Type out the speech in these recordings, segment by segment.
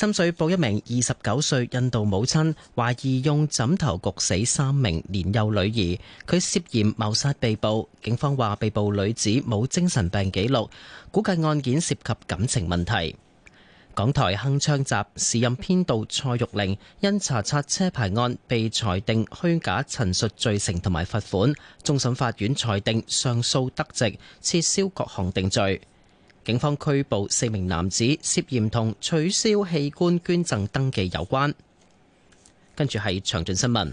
深水埗一名二十九歲印度母親懷疑用枕頭焗死三名年幼女兒，佢涉嫌謀殺被捕。警方話被捕女子冇精神病記錄，估計案件涉及感情問題。港台鏗鏘集時任編導蔡玉玲因查冊車牌案被裁定虛假陳述罪，罪成同埋罰款，終審法院裁定上訴得直，撤銷各項定罪。警方拘捕四名男子，涉嫌同取消器官捐贈登記有關。跟住係詳盡新聞。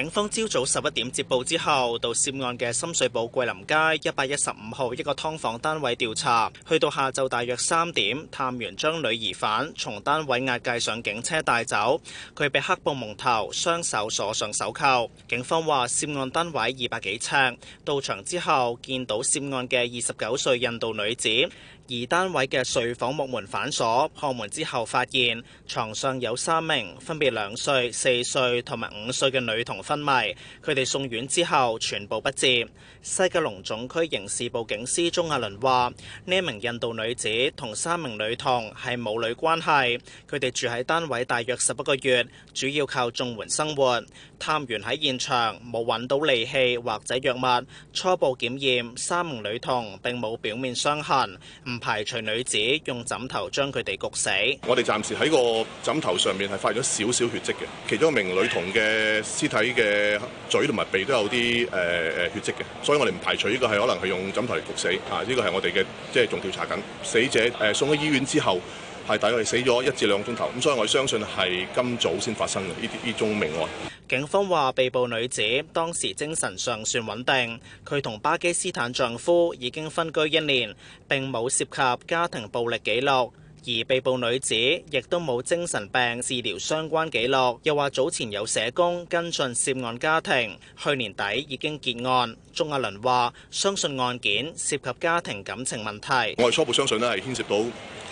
警方朝早十一點接報之後，到涉案嘅深水埗桂林街一百一十五號一個劏房單位調查，去到下晝大約三點，探員將女疑犯從單位押解上警車帶走，佢被黑布蒙頭，雙手鎖上手扣。警方話，涉案單位二百幾呎，到場之後見到涉案嘅二十九歲印度女子。而單位嘅睡房木門反鎖，破門之後發現床上有三名分別兩歲、四歲同埋五歲嘅女童昏迷。佢哋送院之後全部不治。西九龍總區刑事部警司鐘亞倫話：呢名印度女子同三名女童係母女關係，佢哋住喺單位大約十一個月，主要靠綜援生活。探員喺現場冇揾到利器或者藥物，初步檢驗三名女童並冇表面傷痕。排除女子用枕頭將佢哋焗死。我哋暫時喺個枕頭上面係發現咗少少血跡嘅，其中一名女童嘅屍體嘅嘴同埋鼻都有啲誒誒血跡嘅，所以我哋唔排除呢個係可能係用枕頭嚟焗死。啊，呢、這個係我哋嘅即係仲調查緊。死者誒、呃、送咗醫院之後。係大概死咗一至兩鐘頭，咁所以我相信係今早先發生嘅呢啲呢宗命案。警方話，被捕女子當時精神尚算穩定，佢同巴基斯坦丈夫已經分居一年，並冇涉及家庭暴力記錄。而被捕女子亦都冇精神病治療相關記錄，又話早前有社工跟進涉案家庭，去年底已經結案。鍾亞倫話相信案件涉及家庭感情問題。我係初步相信呢係牽涉到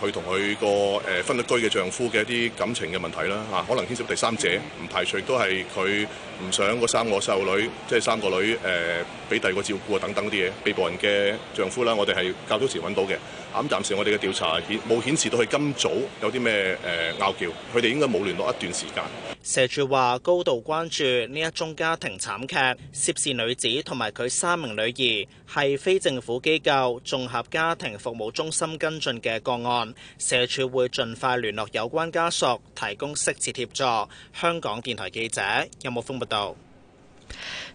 佢同佢個誒分居嘅丈夫嘅一啲感情嘅問題啦吓，可能牽涉第三者，唔排除都係佢。唔想個三個細路女，即係三個女誒，俾第二個照顧啊，等等啲嘢。被捕人嘅丈夫啦，我哋係較早時揾到嘅。咁、嗯、暫時我哋嘅調查顯冇顯示到佢今早有啲咩誒拗撬，佢、呃、哋應該冇聯絡一段時間。社署話高度關注呢一宗家庭慘劇，涉事女子同埋佢三名女兒。係非政府機構綜合家庭服務中心跟進嘅個案，社署會盡快聯絡有關家屬，提供適切協助。香港電台記者任木風報道。有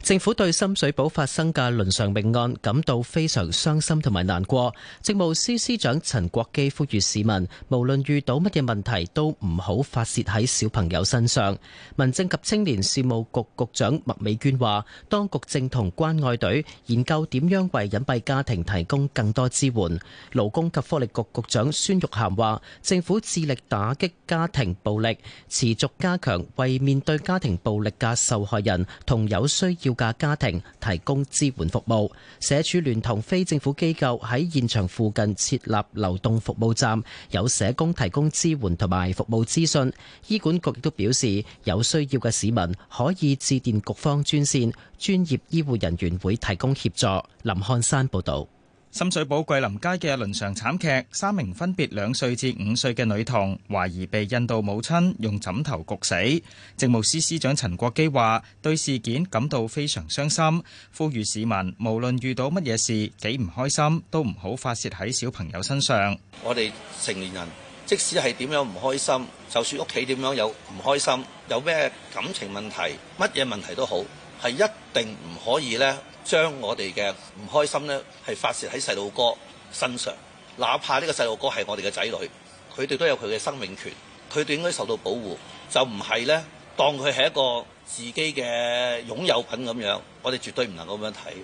政府對深水埗發生嘅倫常命案感到非常傷心同埋難過。政務司司長陳國基呼籲市民，無論遇到乜嘢問題都唔好發洩喺小朋友身上。民政及青年事務局局長麥美娟話，當局正同關愛隊研究點樣為隱蔽家庭提供更多支援。勞工及福利局局長孫玉菡話，政府致力打擊家庭暴力，持續加強為面對家庭暴力嘅受害人同有。有需要嘅家庭提供支援服務，社署聯同非政府機構喺現場附近設立流動服務站，有社工提供支援同埋服務資訊。醫管局亦都表示，有需要嘅市民可以致電局方專線，專業醫護人員會提供協助。林漢山報道。深水埗桂林街嘅倫常慘劇，三名分別兩歲至五歲嘅女童，懷疑被印度母親用枕頭焗死。政務司司長陳國基話，對事件感到非常傷心，呼籲市民無論遇到乜嘢事，幾唔開心，都唔好發泄喺小朋友身上。我哋成年人，即使係點樣唔開心，就算屋企點樣有唔開心，有咩感情問題，乜嘢問題都好，係一定唔可以咧，將我哋嘅唔開心呢，係發洩喺細路哥身上，哪怕呢個細路哥係我哋嘅仔女，佢哋都有佢嘅生命權，佢哋應該受到保護，就唔係呢，當佢係一個自己嘅擁有品咁樣，我哋絕對唔能夠咁樣睇嘅。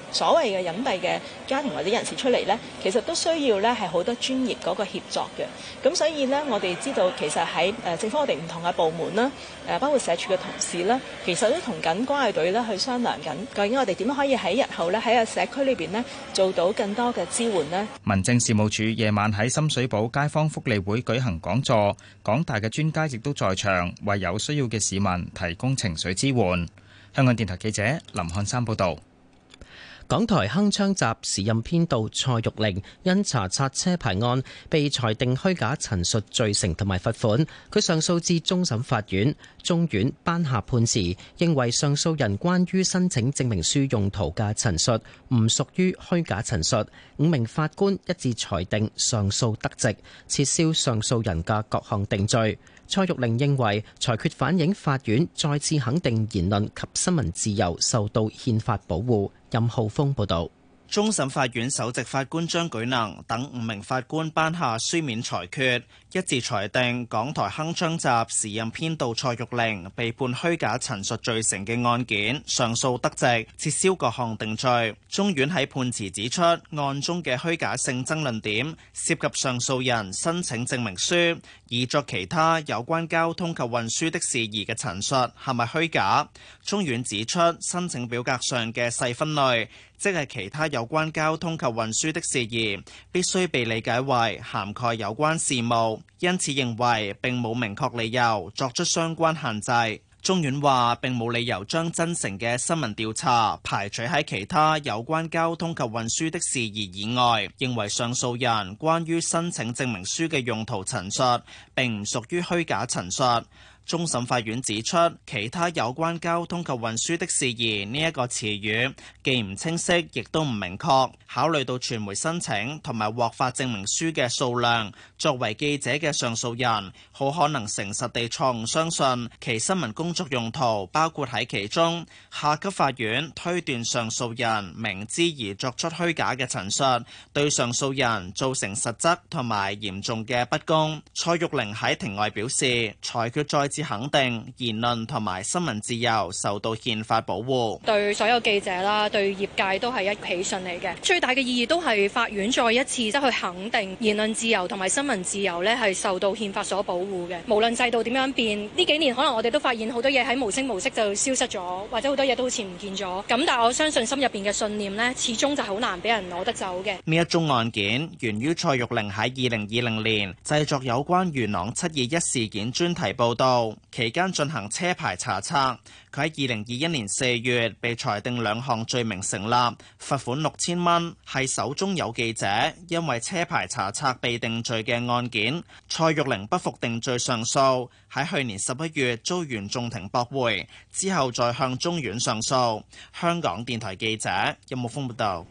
所謂嘅隱蔽嘅家庭或者人士出嚟咧，其實都需要咧係好多專業嗰個協作嘅。咁所以咧，我哋知道其實喺誒政府我哋唔同嘅部門啦，誒包括社署嘅同事啦，其實都同緊關愛隊咧去商量緊，究竟我哋點樣可以喺日後咧喺個社區裏邊咧做到更多嘅支援咧。民政事務處夜晚喺深水埗街坊福利會舉行講座，廣大嘅專家亦都在場，為有需要嘅市民提供情緒支援。香港電台記者林漢山報導。港台鏗鏘集時任編導蔡玉玲因查冊車牌案被裁定虛假陳述罪，罪成，同埋罰款。佢上訴至終審法院，中院頒下判詞，認為上訴人關於申請證明書用途嘅陳述唔屬於虛假陳述。五名法官一致裁定上訴得直，撤銷上訴人嘅各項定罪。蔡玉玲認為裁決反映法院再次肯定言論及新聞自由受到憲法保護。任浩峰報道。終審法院首席法官張舉能等五名法官頒下書面裁決，一致裁定港台《鏗鏘集》時任編導蔡玉玲被判虛假陳述罪成嘅案件上訴得直，撤銷各項定罪。中院喺判詞指出，案中嘅虛假性爭論點涉及上訴人申請證明書以作其他有關交通及運輸的事宜嘅陳述係咪虛假。中院指出，申請表格上嘅細分類。即係其他有關交通及運輸的事宜，必須被理解為涵蓋有關事務，因此認為並冇明確理由作出相關限制。中院話並冇理由將真誠嘅新聞調查排除喺其他有關交通及運輸的事宜以外，認為上訴人關於申請證明書嘅用途陳述並唔屬於虛假陳述。終審法院指出，其他有關交通及運輸的事宜，呢一個詞語既唔清晰，亦都唔明確。考慮到傳媒申請同埋獲發證明書嘅數量，作為記者嘅上訴人，好可能誠實地錯誤相信其新聞工作用途包括喺其中。下級法院推斷上訴人明知而作出虛假嘅陳述，對上訴人造成實質同埋嚴重嘅不公。蔡玉玲喺庭外表示，裁決再次肯定言論同埋新聞自由受到憲法保護，對所有記者啦，對業界都係一起信嚟嘅。大嘅意義都係法院再一次即去肯定言論自由同埋新聞自由呢係受到憲法所保護嘅，無論制度點樣變，呢幾年可能我哋都發現好多嘢喺無聲無息就消失咗，或者好多嘢都好似唔見咗。咁，但我相信心入邊嘅信念呢，始終就好難俾人攞得走嘅。呢一宗案件源於蔡玉玲喺二零二零年製作有關元朗七二一事件專題報導，期間進行車牌查冊。佢喺二零二一年四月被裁定兩項罪名成立，罰款六千蚊。係手中有記者，因為車牌查冊被定罪嘅案件。蔡玉玲不服定罪上訴，喺去年十一月遭原訟庭駁回，之後再向終院上訴。香港電台記者任木峰報道。有有道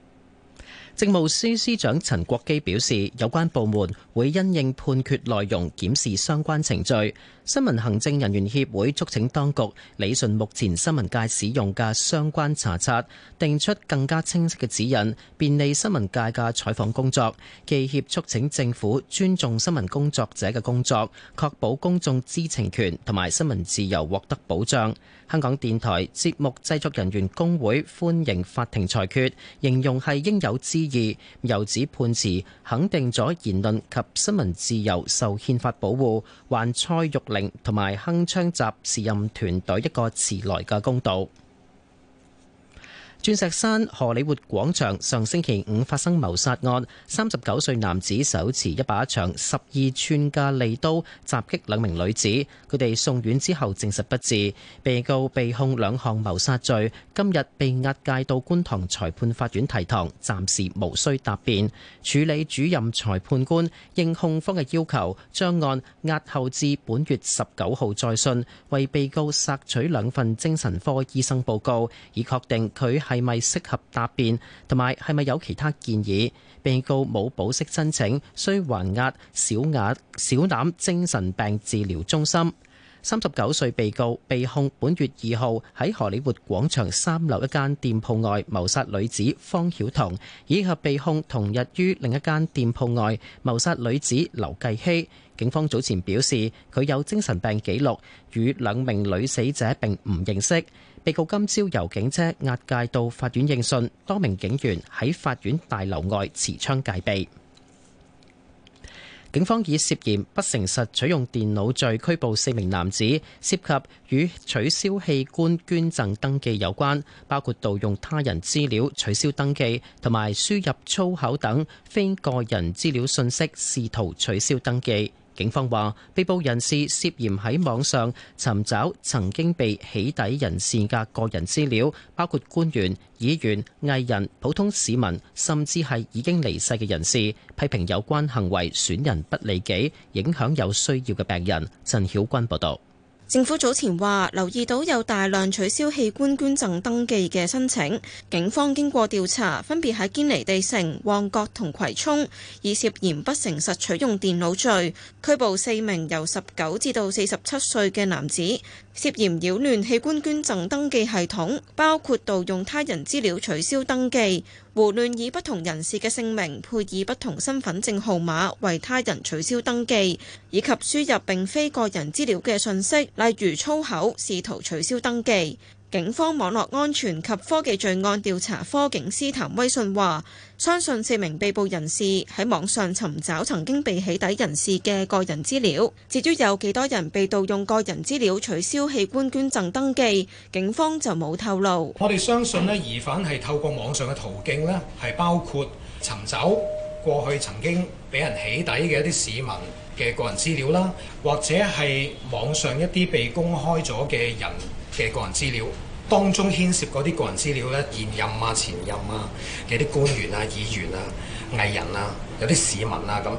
政務司司長陳國基表示，有關部門會因應判決內容檢視相關程序。新聞行政人員協會促請當局理順目前新聞界使用嘅相關查冊，定出更加清晰嘅指引，便利新聞界嘅採訪工作。記協促請政府尊重新聞工作者嘅工作，確保公眾知情權同埋新聞自由獲得保障。香港電台節目製作人員工會歡迎法庭裁決，形容係應有之義，又指判詞肯定咗言論及新聞自由受憲法保護，還蔡玉玲同埋鏗鏘集時任團隊一個遲來嘅公道。鑽石山荷里活廣場上星期五發生謀殺案，三十九歲男子手持一把長十二寸嘅利刀襲擊兩名女子，佢哋送院之後證實不治。被告被控兩項謀殺罪，今日被押解到觀塘裁判法院提堂，暫時無需答辯。處理主任裁判官應控方嘅要求，將案押後至本月十九號再訊，為被告索取兩份精神科醫生報告，以確定佢。係咪適合答辯？同埋係咪有其他建議？被告冇保釋申請，需還押小額小欖精神病治療中心。三十九歲被告被控本月二號喺荷里活廣場三樓一間店鋪外謀殺女子方曉彤，以及被控同日於另一間店鋪外謀殺女子劉繼希。警方早前表示，佢有精神病記錄，與兩名女死者並唔認識。被告今朝由警車押解到法院應訊，多名警員喺法院大樓外持槍戒備。警方以涉嫌不誠實取用電腦罪拘捕四名男子，涉及與取消器官捐贈登記有關，包括盜用他人資料取消登記，同埋輸入粗口等非個人資料信息，試圖取消登記。警方話，被捕人士涉嫌喺網上尋找曾經被起底人士嘅個人資料，包括官員、議員、藝人、普通市民，甚至係已經離世嘅人士。批評有關行為損人不利己，影響有需要嘅病人。陳曉君報道。政府早前話留意到有大量取消器官捐贈登記嘅申請，警方經過調查，分別喺堅尼地城、旺角同葵涌，以涉嫌不誠實取用電腦罪拘捕四名由十九至到四十七歲嘅男子，涉嫌擾亂器官捐贈登記系統，包括盜用他人資料取消登記。胡亂以不同人士嘅姓名配以不同身份證號碼為他人取消登記，以及輸入並非個人資料嘅訊息，例如粗口，試圖取消登記。警方網絡安全及科技罪案調查科警司譚威信話，相信四名被捕人士喺網上尋找曾經被起底人士嘅個人資料。至於有幾多人被盜用個人資料取消器官捐贈登記，警方就冇透露。我哋相信咧，疑犯係透過網上嘅途徑咧，係包括尋找過去曾經俾人起底嘅一啲市民嘅個人資料啦，或者係網上一啲被公開咗嘅人。嘅個人資料，當中牽涉嗰啲個人資料咧，現任啊、前任啊嘅啲官員啊、議員啊、藝人啊，有啲市民啊咁，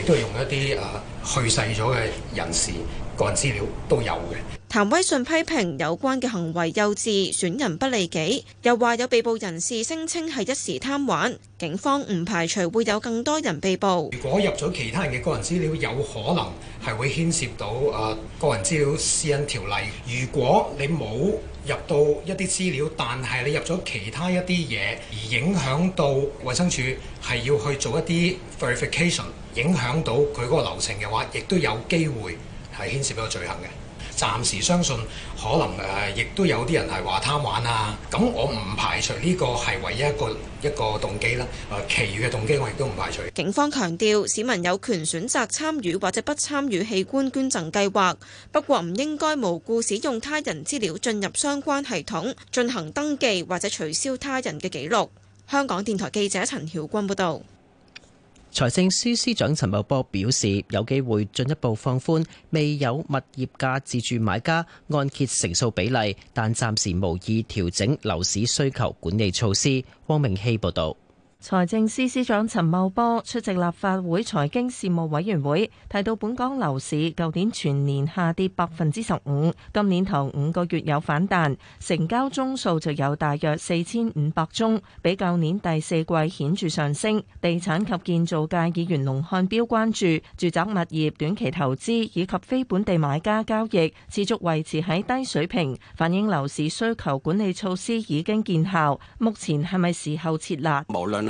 亦都係用一啲誒、啊、去世咗嘅人士個人資料都有嘅。譚威信批評有關嘅行為幼稚，損人不利己。又話有被捕人士聲稱係一時貪玩，警方唔排除會有更多人被捕。如果入咗其他人嘅個人資料，有可能係會牽涉到誒個人資料私隱條例。如果你冇入到一啲資料，但係你入咗其他一啲嘢而影響到衛生署係要去做一啲 verification，影響到佢嗰個流程嘅話，亦都有機會係牽涉到罪行嘅。暫時相信可能誒，亦都有啲人係話貪玩啊。咁我唔排除呢個係唯一一個一個動機啦。誒，其餘嘅動機我亦都唔排除。警方強調，市民有權選擇參與或者不參與器官捐贈計劃，不過唔應該無故使用他人資料進入相關系統進行登記或者取消他人嘅記錄。香港電台記者陳曉君報道。財政司司長陳茂波表示，有機會進一步放寬未有物業價自住買家按揭成數比例，但暫時無意調整樓市需求管理措施。汪明希報導。財政司司長陳茂波出席立法會財經事務委員會，提到本港樓市舊年全年下跌百分之十五，今年頭五個月有反彈，成交宗數就有大約四千五百宗，比舊年第四季顯著上升。地產及建造界議員龍漢標關注住宅物業短期投資以及非本地買家交易，持續維持喺低水平，反映樓市需求管理措施已經見效。目前係咪時候撤辣？無論。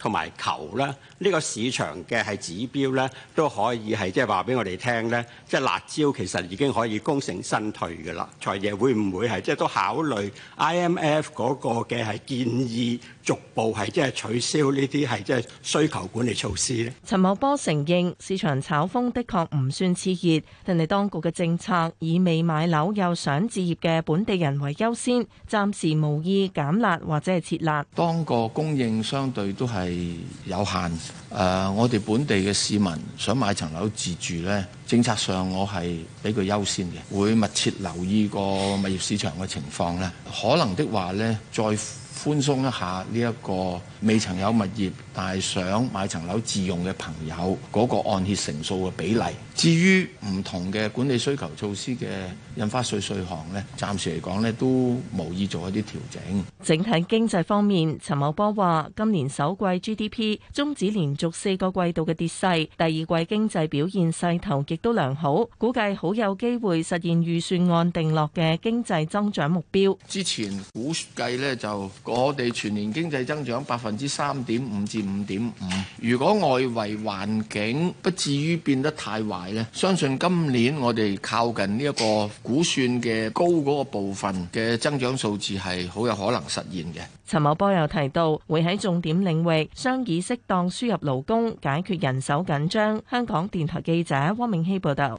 同埋求咧，球呢、這個市場嘅係指標咧，都可以係即係話俾我哋聽咧，即係辣椒其實已經可以功成身退噶啦。財爺會唔會係即係都考慮 IMF 嗰個嘅係建議逐步係即係取消呢啲係即係需求管理措施咧？陳茂波承認市場炒風的確唔算熾熱，但係當局嘅政策以未買樓又想置業嘅本地人為優先，暫時無意減辣或者係撤辣。當個供應相對都係。係有限。誒、呃，我哋本地嘅市民想買層樓自住咧，政策上我係俾佢優先嘅，會密切留意個物業市場嘅情況咧。可能的話咧，再寬鬆一下呢一個未曾有物業，但係想買層樓自用嘅朋友嗰個按揭成數嘅比例。至於唔同嘅管理需求措施嘅印花稅稅項咧，暫時嚟講咧都無意做一啲調整。整體經濟方面，陳茂波話今年首季 GDP 終止連續四個季度嘅跌勢，第二季經濟表現勢頭亦都良好，估計好有機會實現預算案定落嘅經濟增長目標。之前估計咧就我哋全年經濟增長百分之三點五至五點五，如果外圍環境不至於變得太壞咧，相信今年我哋靠近呢一個估算嘅高嗰個部分嘅增長數字係好有可能實現嘅。陳茂波又提到，會喺重點領域，商議適當輸入勞工，解決人手緊張。香港電台記者汪明希報導。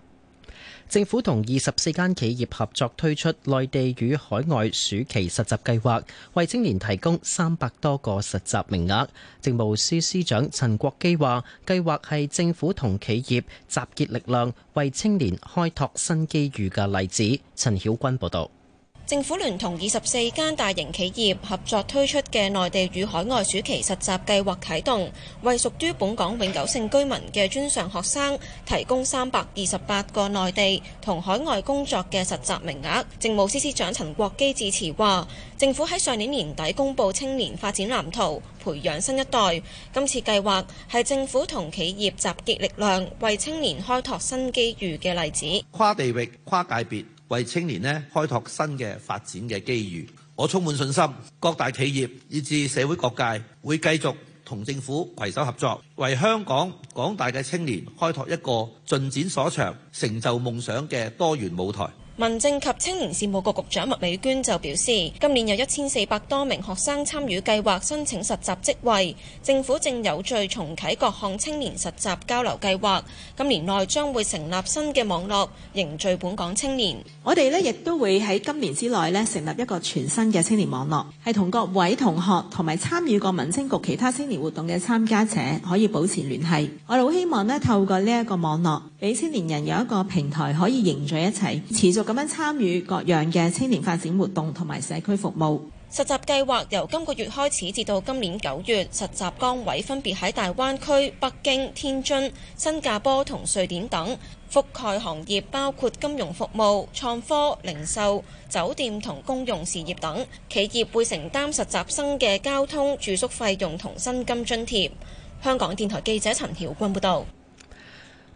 政府同二十四間企業合作推出內地與海外暑期實習計劃，為青年提供三百多個實習名額。政務司司長陳國基話，計劃係政府同企業集結力量，為青年開拓新機遇嘅例子。陳曉君報導。政府聯同二十四間大型企業合作推出嘅內地與海外暑期實習計劃啟動，為屬於本港永久性居民嘅專上學生提供三百二十八個內地同海外工作嘅實習名額。政務司司長陳國基致辭話，政府喺上年年底公布青年發展藍圖，培養新一代。今次計劃係政府同企業集結力量，為青年開拓新機遇嘅例子。跨地域、跨界別。為青年呢開拓新嘅發展嘅機遇，我充滿信心。各大企業以至社會各界會繼續同政府攜手合作，為香港廣大嘅青年開拓一個盡展所長、成就夢想嘅多元舞台。民政及青年事務局局長麥美娟就表示，今年有一千四百多名學生參與計劃申請實習職位，政府正有序重啟各項青年實習交流計劃，今年內將會成立新嘅網絡凝聚本港青年。我哋咧亦都會喺今年之內咧成立一個全新嘅青年網絡，係同各位同學同埋參與過民政局其他青年活動嘅參加者可以保持聯繫。我哋好希望咧透過呢一個網絡，俾青年人有一個平台可以凝聚一齊，持續，咁樣參與各樣嘅青年發展活動同埋社區服務。實習計劃由今個月開始至到今年九月，實習崗位分別喺大灣區、北京、天津、新加坡同瑞典等，覆蓋行業包括金融服務、創科、零售、酒店同公用事業等。企業會承擔實習生嘅交通、住宿費用同薪金津貼。香港電台記者陳曉君報導。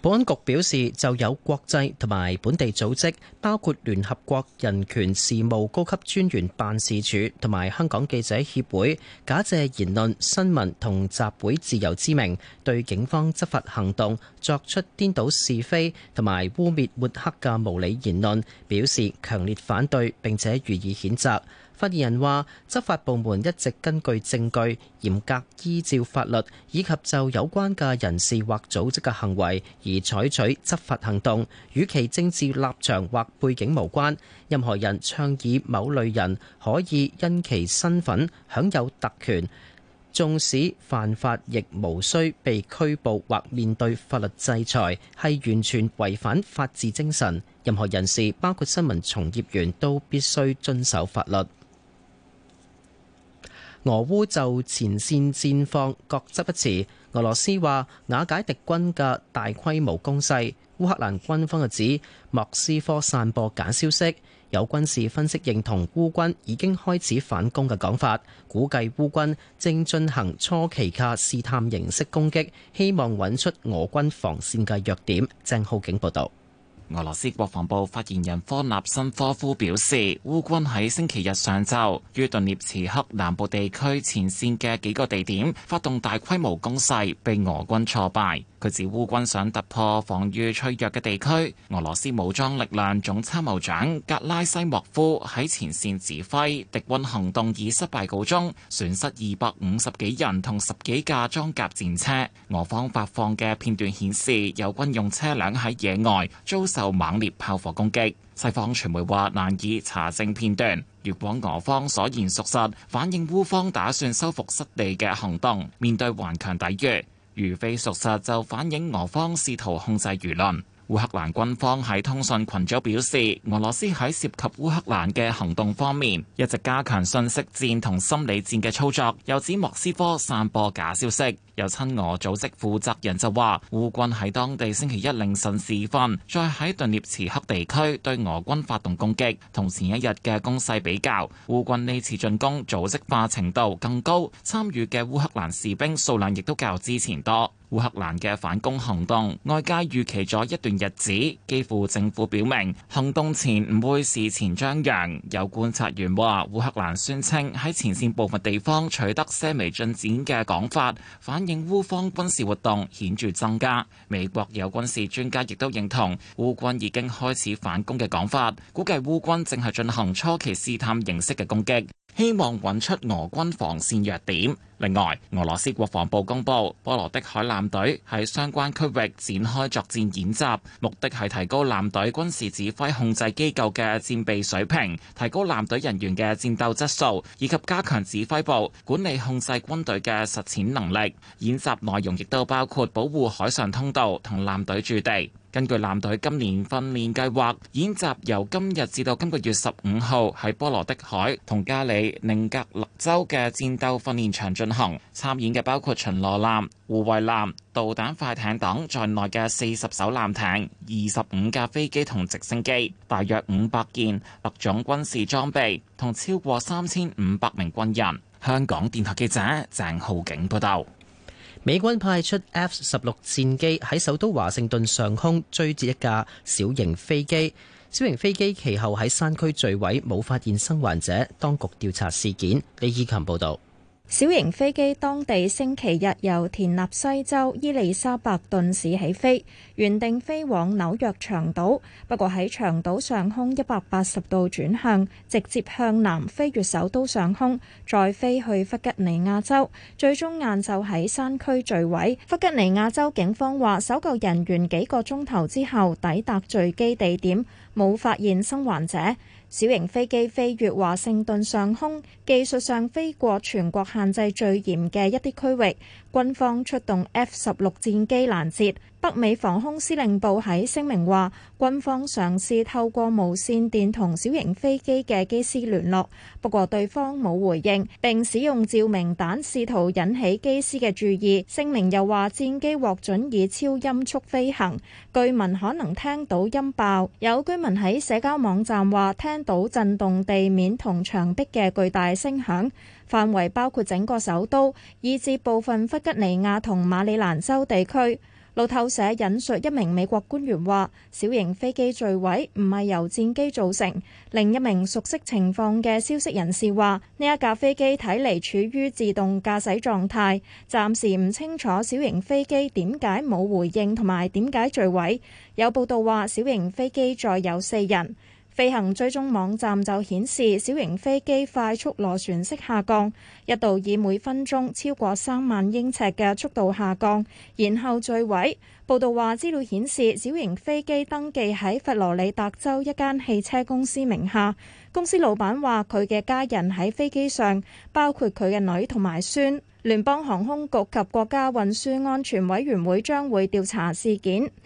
保安局表示，就有國際同埋本地組織，包括聯合國人權事務高級專員辦事處同埋香港記者協會假借言論、新聞同集會自由之名，對警方執法行動作出顛倒是非同埋污衊抹黑嘅無理言論表示強烈反對，並且予以譴責。發言人話：執法部門一直根據證據，嚴格依照法律，以及就有關嘅人士或組織嘅行為而採取執法行動，與其政治立場或背景無關。任何人倡議某類人可以因其身份享有特權，縱使犯法亦無需被拘捕或面對法律制裁，係完全違反法治精神。任何人士，包括新聞從業員，都必須遵守法律。俄烏就前線戰況各執一詞。俄羅斯話瓦解敵軍嘅大規模攻勢，烏克蘭軍方就指莫斯科散播假消息。有軍事分析認同烏軍已經開始反攻嘅講法，估計烏軍正進行初期嘅試探形式攻擊，希望揾出俄軍防線嘅弱點。鄭浩景報導。俄羅斯國防部發言人科納申科夫表示，烏軍喺星期日上晝於頓涅茨克南部地區前線嘅幾個地點發動大規模攻勢，被俄軍挫敗。佢指烏軍想突破防禦脆弱嘅地區，俄羅斯武裝力量總參謀長格拉西莫夫喺前線指揮，敵軍行動以失敗告終，損失二百五十幾人同十幾架裝甲戰車。俄方發放嘅片段顯示，有軍用車輛喺野外遭受猛烈炮火攻擊。西方傳媒話難以查證片段，如果俄方所言屬實，反映烏方打算收復失地嘅行動面對頑強抵禦。如非屬實，就反映俄方試圖控制輿論。烏克蘭軍方喺通訊群組表示，俄羅斯喺涉及烏克蘭嘅行動方面一直加強信息戰同心理戰嘅操作，又指莫斯科散播假消息。有親俄組織負責人就話烏軍喺當地星期一凌晨時分，再喺頓涅茨克地區對俄軍發動攻擊，同前一日嘅攻勢比較，烏軍呢次進攻組織化程度更高，參與嘅烏克蘭士兵數量亦都較之前多。烏克蘭嘅反攻行動外界預期咗一段日子。基輔政府表明行動前唔會事前張揚，有觀察員話烏克蘭宣稱喺前線部分地方取得些微進展嘅講法，反映烏方軍事活動顯著增加。美國有軍事專家亦都認同烏軍已經開始反攻嘅講法，估計烏軍正係進行初期試探形式嘅攻擊。希望揾出俄軍防線弱點，另外，俄羅斯國防部公布，波羅的海艦隊喺相關區域展開作戰演習，目的係提高艦隊軍事指揮控制機構嘅戰備水平，提高艦隊人員嘅戰鬥質素，以及加強指揮部管理控制軍隊嘅實踐能力。演習內容亦都包括保護海上通道同艦隊駐地。根據艦隊今年訓練計劃，演習由今日至到今個月十五號喺波羅的海同加里寧格勒州嘅戰鬥訓練場進行。參演嘅包括巡邏艦、護衛艦、導彈快艇等在內嘅四十艘艦艇、二十五架飛機同直升機，大約五百件各種軍事裝備同超過三千五百名軍人。香港電台記者鄭浩景報道。美軍派出 F 十六戰機喺首都華盛頓上空追截一架小型飛機，小型飛機其後喺山區墜毀，冇發現生還者。當局調查事件。李以琴報道。小型飛機當地星期日由田納西州伊利莎白頓市起飛，原定飛往紐約長島，不過喺長島上空一百八十度轉向，直接向南飛越首都上空，再飛去弗吉尼亞州，最終晏晝喺山區墜毀。弗吉尼亞州警方話，搜救人員幾個鐘頭之後抵達墜機地點，冇發現生還者。小型飛機飛越華盛頓上空，技術上飛過全國限制最嚴嘅一啲區域，軍方出動 F 十六戰機攔截。北美防空司令部喺聲明話，軍方嘗試透過無線電同小型飛機嘅機師聯絡，不過對方冇回應，並使用照明彈試圖引起機師嘅注意。聲明又話戰機獲准以超音速飛行，居民可能聽到音爆。有居民喺社交網站話聽到震動地面同牆壁嘅巨大聲響，範圍包括整個首都，以至部分弗吉尼亞同馬里蘭州地區。路透社引述一名美國官員話，小型飛機墜毀唔係由戰機造成。另一名熟悉情況嘅消息人士話，呢一架飛機睇嚟處於自動駕駛狀態，暫時唔清楚小型飛機點解冇回應，同埋點解墜毀，有報道話小型飛機載有四人。飛行追蹤網站就顯示小型飛機快速螺旋式下降，一度以每分鐘超過三萬英尺嘅速度下降，然後墜毀。報道話資料顯示小型飛機登記喺佛羅里達州一間汽車公司名下，公司老闆話佢嘅家人喺飛機上，包括佢嘅女同埋孫。聯邦航空局及國家運輸安全委員會將會調查事件。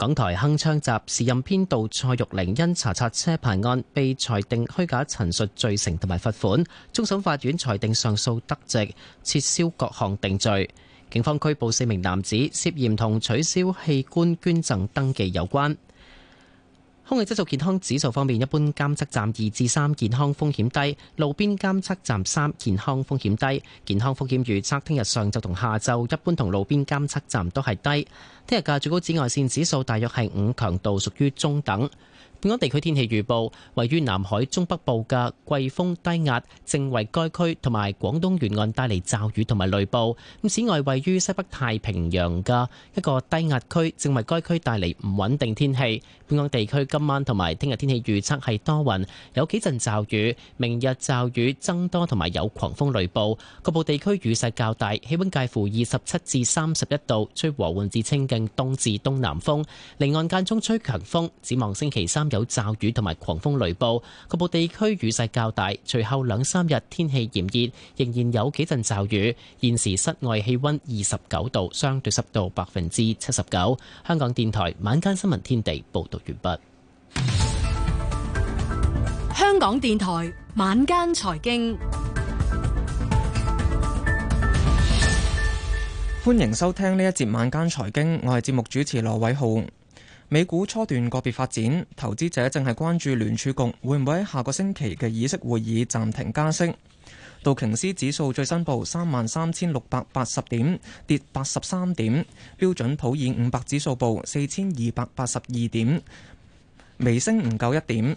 港台鏗鏘集，時任編導蔡玉玲因查冊車牌案被裁定虛假陳述罪，罪成，同埋罰款。終審法院裁定上訴得直，撤銷各項定罪。警方拘捕四名男子，涉嫌同取消器官捐贈登記有關。空氣質素健康指數方面，一般監測站二至三，健康風險低；路邊監測站三，健康風險低。健康風險預測聽日上晝同下晝，一般同路邊監測站都係低。聽日嘅最高紫外線指數大約係五，強度屬於中等。本港地區天氣預報，位於南海中北部嘅季風低壓正為該區同埋廣東沿岸帶嚟驟雨同埋雷暴。咁此外，位於西北太平洋嘅一個低壓區正為該區帶嚟唔穩定天氣。本港地區今晚同埋聽日天氣預測係多雲，有幾陣驟雨。明日驟雨增多同埋有狂風雷暴，局部地區雨勢較大，氣温介乎二十七至三十一度，吹和緩至清勁東至東南風，離岸間中吹強風。展望星期三，有驟雨同埋狂風雷暴，局部地區雨勢較大。隨後兩三日天氣炎熱，仍然有幾陣驟雨。現時室外氣溫二十九度，相對濕度百分之七十九。香港電台晚間新聞天地報道完畢。香港電台晚間財經，歡迎收聽呢一節晚間財經。我係節目主持羅偉浩。美股初段個別發展，投資者正係關注聯儲局會唔會喺下個星期嘅議息會議暫停加息。道瓊斯指數最新報三萬三千六百八十點，跌八十三點；標準普爾五百指數報四千二百八十二點，微升唔夠一點。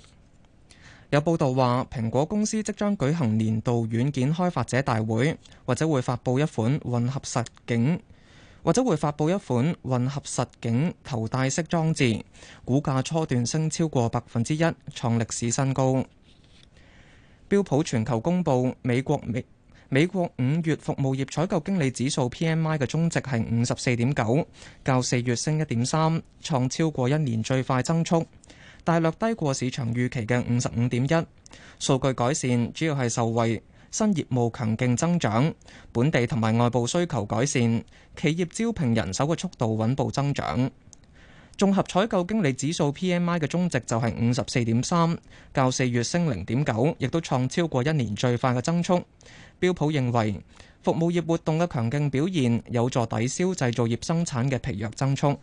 有報道話，蘋果公司即將舉行年度軟件開發者大會，或者會發布一款混合實境。或者會發布一款混合實景頭戴式裝置，股價初段升超過百分之一，創歷史新高。標普全球公佈美國美美國五月服務業採購經理指數 PMI 嘅終值係五十四點九，較四月升一點三，創超過一年最快增速，大略低過市場預期嘅五十五點一。數據改善主要係受惠。新業務強勁增長，本地同埋外部需求改善，企業招聘人手嘅速度穩步增長。綜合採購經理指數 PMI 嘅終值就係五十四點三，較四月升零點九，亦都創超過一年最快嘅增速。標普認為，服務業活動嘅強勁表現有助抵消製造業生產嘅疲弱增速。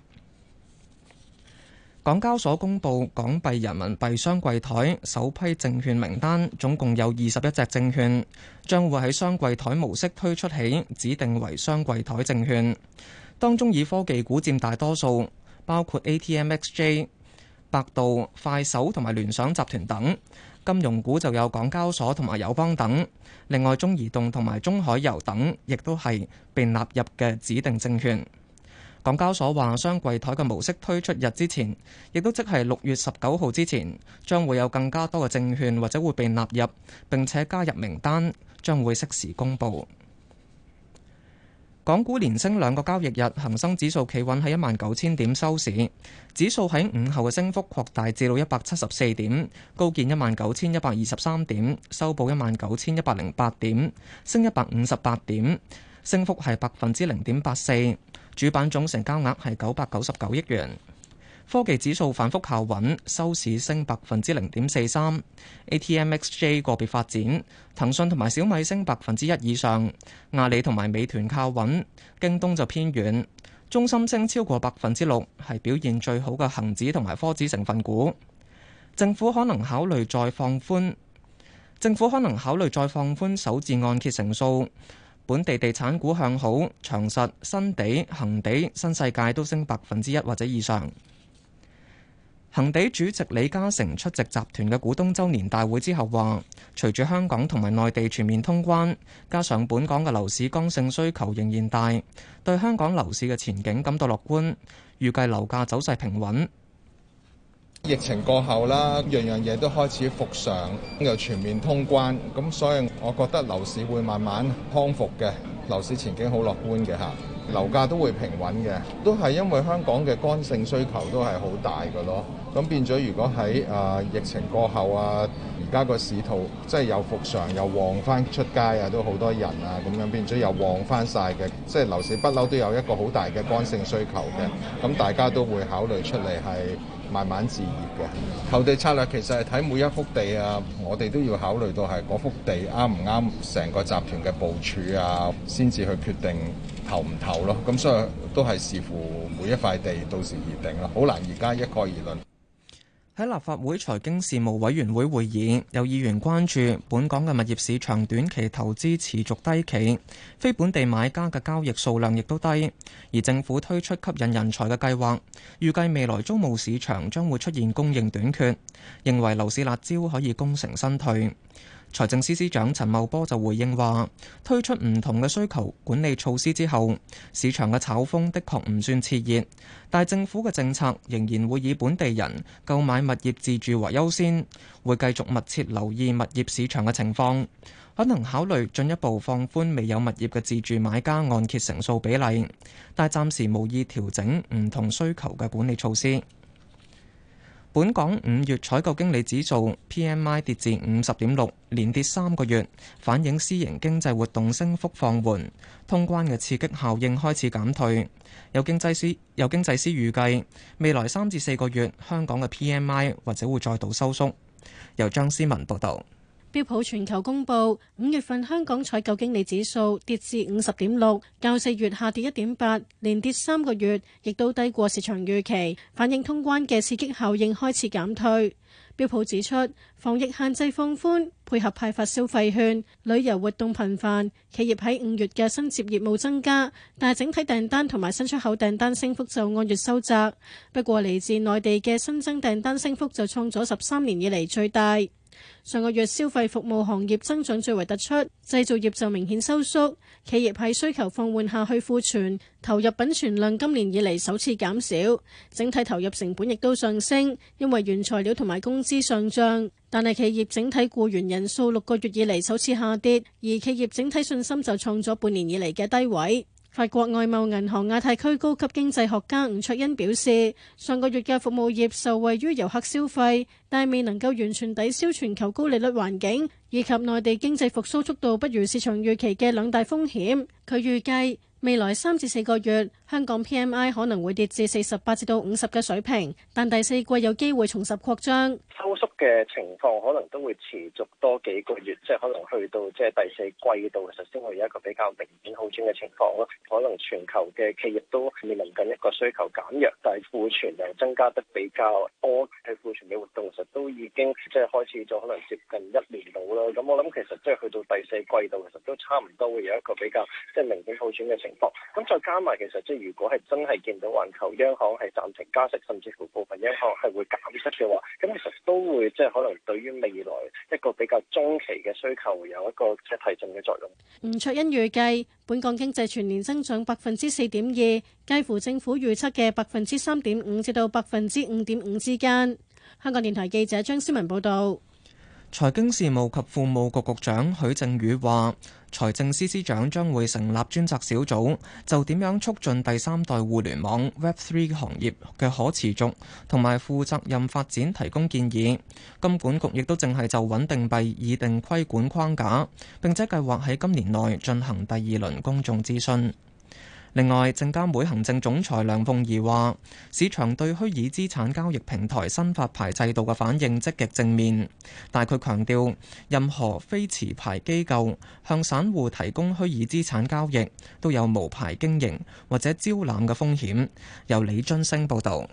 港交所公布港幣人民幣雙櫃台首批證券名單，總共有二十一隻證券，將會喺雙櫃台模式推出起，起指定為雙櫃台證券。當中以科技股佔大多數，包括 ATMXJ、百度、快手同埋聯想集團等；金融股就有港交所同埋友邦等。另外，中移動同埋中海油等，亦都係被納入嘅指定證券。港交所話，雙櫃台嘅模式推出日之前，亦都即係六月十九號之前，將會有更加多嘅證券或者會被納入並且加入名單，將會適時公佈。港股連升兩個交易日，恒生指數企穩喺一萬九千點收市，指數喺午後嘅升幅擴大至到一百七十四點，高見一萬九千一百二十三點，收報一萬九千一百零八點，升一百五十八點，升幅係百分之零點八四。主板總成交額係九百九十九億元。科技指數反覆靠穩，收市升百分之零點四三。ATMXJ 個別發展，騰訊同埋小米升百分之一以上，阿里同埋美團靠穩，京東就偏遠。中芯升超過百分之六，係表現最好嘅恒指同埋科指成分股。政府可能考慮再放寬，政府可能考慮再放寬首次按揭成數。本地地產股向好，長實、新地、恒地、新世界都升百分之一或者以上。恒地主席李嘉誠出席集團嘅股東周年大會之後話，隨住香港同埋內地全面通關，加上本港嘅樓市剛性需求仍然大，對香港樓市嘅前景感到樂觀，預計樓價走勢平穩。疫情過後啦，樣樣嘢都開始復常，又全面通關，咁所以我覺得樓市會慢慢康復嘅，樓市前景好樂觀嘅吓，樓價都會平穩嘅，都係因為香港嘅剛性需求都係好大噶咯，咁變咗如果喺啊疫情過後啊。而家個市況即係有復常，又旺翻出街啊，都好多人啊，咁樣變咗又旺翻晒嘅，即係樓市不嬲都有一個好大嘅剛性需求嘅，咁大家都會考慮出嚟係慢慢置業嘅。投地策略其實係睇每一幅地啊，我哋都要考慮到係嗰幅地啱唔啱成個集團嘅部署啊，先至去決定投唔投咯。咁所以都係視乎每一塊地到時而定啦，好難而家一概而論。喺立法會財經事務委員會會議，有議員關注本港嘅物業市場短期投資持續低企，非本地買家嘅交易數量亦都低，而政府推出吸引人才嘅計劃，預計未來租務市場將會出現供應短缺，認為樓市辣招可以功成身退。財政司司長陳茂波就回應話：推出唔同嘅需求管理措施之後，市場嘅炒風的確唔算熾熱，但政府嘅政策仍然會以本地人購買物業自住為優先，會繼續密切留意物業市場嘅情況，可能考慮進一步放寬未有物業嘅自住買家按揭成數比例，但係暫時無意調整唔同需求嘅管理措施。本港五月採購經理指數 PMI 跌至五十點六，連跌三個月，反映私營經濟活動升幅放緩，通關嘅刺激效應開始減退。有經濟師有經濟師預計，未來三至四個月香港嘅 PMI 或者會再度收縮。由張思文報道。標普全球公布五月份香港採購經理指數跌至五十點六，較四月下跌一點八，連跌三個月，亦都低過市場預期，反映通關嘅刺激效應開始減退。標普指出，防疫限制放寬，配合派發消費券、旅遊活動頻繁，企業喺五月嘅新接業務增加，但係整體訂單同埋新出口訂單升幅就按月收窄。不過，嚟自內地嘅新增訂單升幅就創咗十三年以嚟最大。上個月消費服務行業增長最為突出，製造業就明顯收縮。企業喺需求放緩下去庫存，投入品存量今年以嚟首次減少，整體投入成本亦都上升，因為原材料同埋工資上漲，但係企業整體僱員人數六個月以嚟首次下跌，而企業整體信心就創咗半年以嚟嘅低位。法國外貿銀行亞太區高級經濟學家吳卓恩表示，上個月嘅服務業受惠於遊客消費，但未能夠完全抵消全球高利率環境以及內地經濟復甦速度不如市場預期嘅兩大風險。佢預計未來三至四個月，香港 PMI 可能會跌至四十八至到五十嘅水平，但第四季有機會重拾擴張。收縮嘅情況可能都會持續多幾個月，即係可能去到即係第四季度，其實先會有一個比較明顯好轉嘅情況咯。可能全球嘅企業都面臨緊一個需求減弱，但係庫存又增加得比較多，係庫存嘅活動其實都已經即係開始咗，可能接近一年度啦。咁我諗其實即係去到第四季度，其實都差唔多會有一個比較即係明顯好轉嘅情況。咁再加埋其實即係如果係真係見到環球央行係暫停加息，甚至乎部分央行係會減息嘅話，咁其實都會即係可能對於未來一個比較中期嘅需求有一個即係提振嘅作用。吳卓欣預計本港經濟全年增長百分之四點二，介乎政府預測嘅百分之三點五至到百分之五點五之間。香港電台記者張思文報道。財經事務及庫務局局長許正宇話，財政司司長將會成立專責小組，就點樣促進第三代互聯網 Web Three 行業嘅可持續同埋負責任發展提供建議。金管局亦都淨係就穩定幣擬定規管框架，並且計劃喺今年內進行第二輪公眾諮詢。另外，證監會行政總裁梁鳳儀話，市場對虛擬資產交易平台新發牌制度嘅反應積極正面，但佢強調任何非持牌機構向散戶提供虛擬資產交易都有無牌經營或者招攬嘅風險，由李津升報道。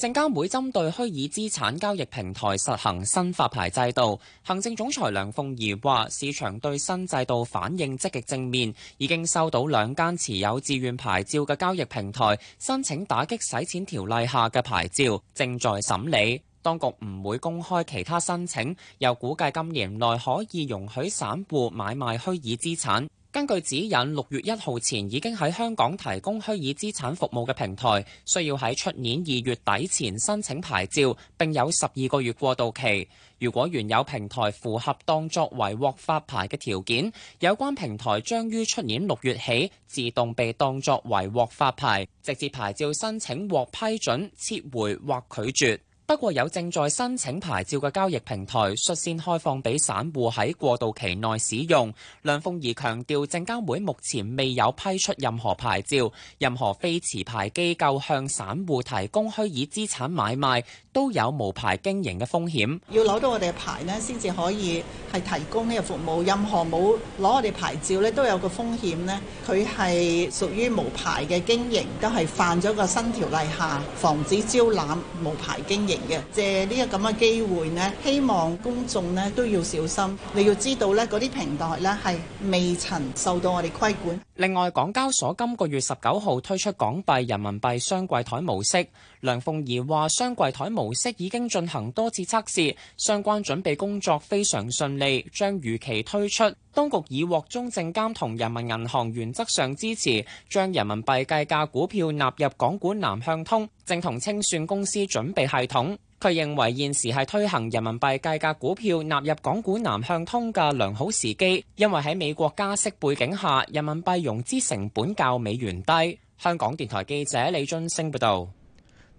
證監會針對虛擬資產交易平台實行新發牌制度，行政總裁梁鳳儀話：市場對新制度反應積極正面，已經收到兩間持有自願牌照嘅交易平台申請打擊洗錢條例下嘅牌照，正在審理。當局唔會公開其他申請，又估計今年內可以容許散戶買賣虛擬資產。根據指引，六月一號前已經喺香港提供虛擬資產服務嘅平台，需要喺出年二月底前申請牌照，並有十二個月過渡期。如果原有平台符合當作為獲發牌嘅條件，有關平台將於出年六月起自動被當作為獲發牌，直至牌照申請獲批准、撤回或拒絕。不過有正在申請牌照嘅交易平台率先開放俾散戶喺過渡期內使用。梁鳳儀強調，證監會目前未有批出任何牌照，任何非持牌機構向散戶提供虛擬資產買賣都有無牌經營嘅風險。要攞到我哋嘅牌咧，先至可以係提供呢個服務。任何冇攞我哋牌照咧，都有個風險咧。佢係屬於無牌嘅經營，都係犯咗個新條例下防止招攬無牌經營。嘅借呢個咁嘅機會呢，希望公眾呢都要小心。你要知道呢，嗰啲平台呢，係未曾受到我哋規管。另外，港交所今個月十九號推出港幣人民幣雙櫃檯模式。梁鳳儀話：雙櫃台模式已經進行多次測試，相關準備工作非常順利，將如期推出。當局已獲中證監同人民銀行原則上支持，將人民幣計價股票納入港股南向通，正同清算公司準備系統。佢認為現時係推行人民幣計價股票納入港股南向通嘅良好時機，因為喺美國加息背景下，人民幣融資成本較美元低。香港電台記者李津升報道。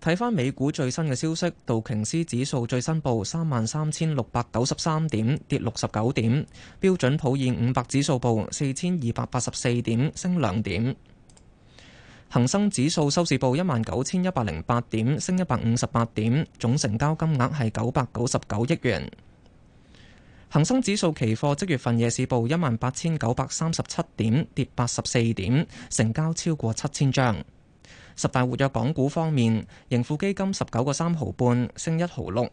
睇翻美股最新嘅消息，道瓊斯指數最新報三萬三千六百九十三點，跌六十九點；標準普爾五百指數報四千二百八十四點，升兩點；恒生指數收市報一萬九千一百零八點，升一百五十八點，總成交金額係九百九十九億元。恒生指數期貨即月份夜市報一萬八千九百三十七點，跌八十四點，成交超過七千張。十大活躍港股方面，盈富基金十九個三毫半，升一毫六；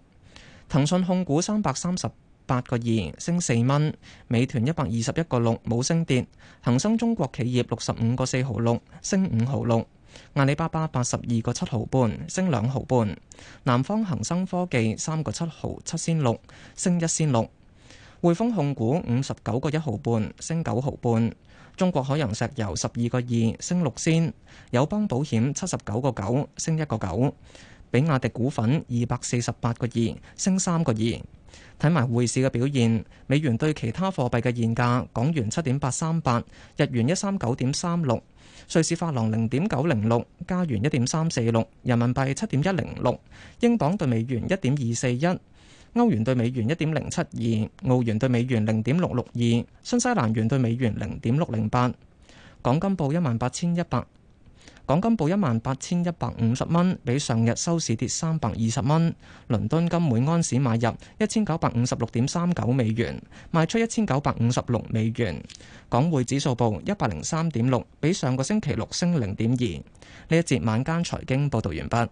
騰訊控股三百三十八個二，升四蚊；美團一百二十一個六，冇升跌；恒生中國企業六十五個四毫六，升五毫六；阿里巴巴八十二個七毫半，升兩毫半；南方恒生科技三個七毫七仙六，升一仙六；匯豐控股五十九個一毫半，升九毫半。中國海洋石油十二個二升六仙，友邦保險七十九個九升一個九，比亞迪股份二百四十八個二升三個二。睇埋匯市嘅表現，美元對其他貨幣嘅現價，港元七點八三八，日元一三九點三六，瑞士法郎零點九零六，加元一點三四六，人民幣七點一零六，英鎊兌美元一點二四一。歐元兌美元一點零七二，澳元兌美元零點六六二，新西蘭元兌美元零點六零八。港金報一萬八千一百，港金報一萬八千一百五十蚊，比上日收市跌三百二十蚊。倫敦金每安士買入一千九百五十六點三九美元，賣出一千九百五十六美元。港匯指數報一百零三點六，比上個星期六升零點二。呢一節晚間財經報道完畢。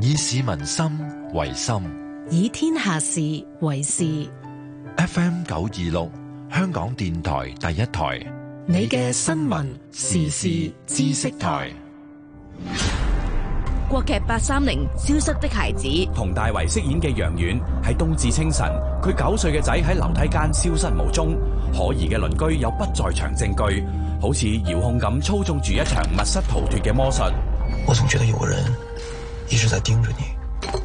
以市民心為心。以天下事為事。FM 九二六香港電台第一台，你嘅新聞時事知識台。國劇八三零消失的孩子，佟大為飾演嘅楊遠喺冬至清晨，佢九歲嘅仔喺樓梯間消失無蹤，可疑嘅鄰居有不在場證據，好似遙控咁操縱住一場密室逃脫嘅魔術。我總覺得有個人一直在盯着你。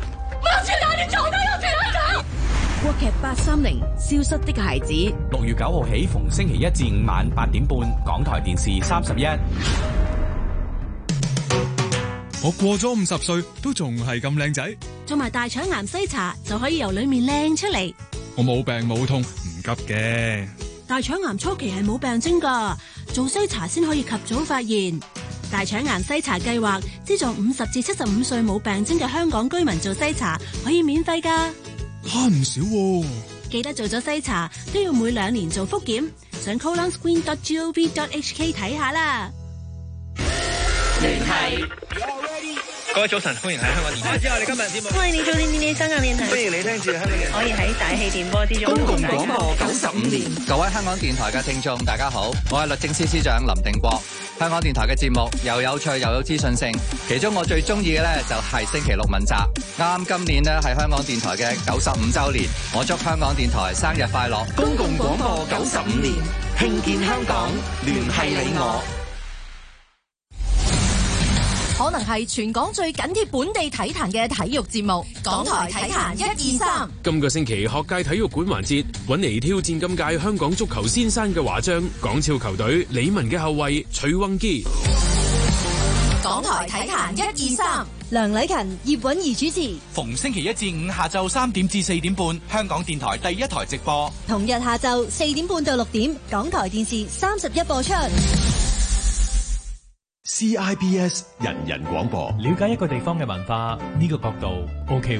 我全國劇八三零消失的孩子，六月九號起逢星期一至五晚八點半，港台電視三十一。我過咗五十歲都仲係咁靚仔。做埋大腸癌篩查就可以由裏面靚出嚟。我冇病冇痛，唔急嘅。大腸癌初期係冇病徵㗎，做篩查先可以及早發現。大腸癌篩查計劃資助五十至七十五歲冇病徵嘅香港居民做篩查，可以免費㗎，慳唔少。記得做咗篩查都要每兩年做複檢，上 colonscreen.gov.hk 睇下啦。聯繫。各位早晨，歡迎喺香港電台。啊、我哋今日啲，歡迎你做電電台生啊！歡迎你聽住香港，可以喺大氣電波之中。公共廣播九十五年，各位香港電台嘅聽眾，大家好，我係律政司司長林定國。香港電台嘅節目又有趣又有資訊性，其中我最中意嘅咧就係星期六問責。啱今年呢，係香港電台嘅九十五週年，我祝香港電台生日快樂！公共廣播九十五年，慶建香港，聯繫你我。可能係全港最緊貼本地體壇嘅體育節目《港台體壇一二三》。今個星期學界體育館環節，揾嚟挑戰今屆香港足球先生嘅華將。港超球隊李文嘅後衛徐溫基。《港台體壇一二三》，梁禮勤、葉允儀主持。逢星期一至五下晝三點至四點半，香港電台第一台直播。同日下晝四點半到六點，港台電視三十一播出。CIBS 人人廣播，了解一個地方嘅文化，呢個角度 OK。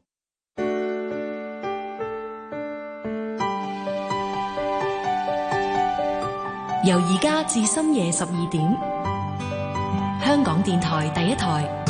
由而家至深夜十二點，香港電台第一台。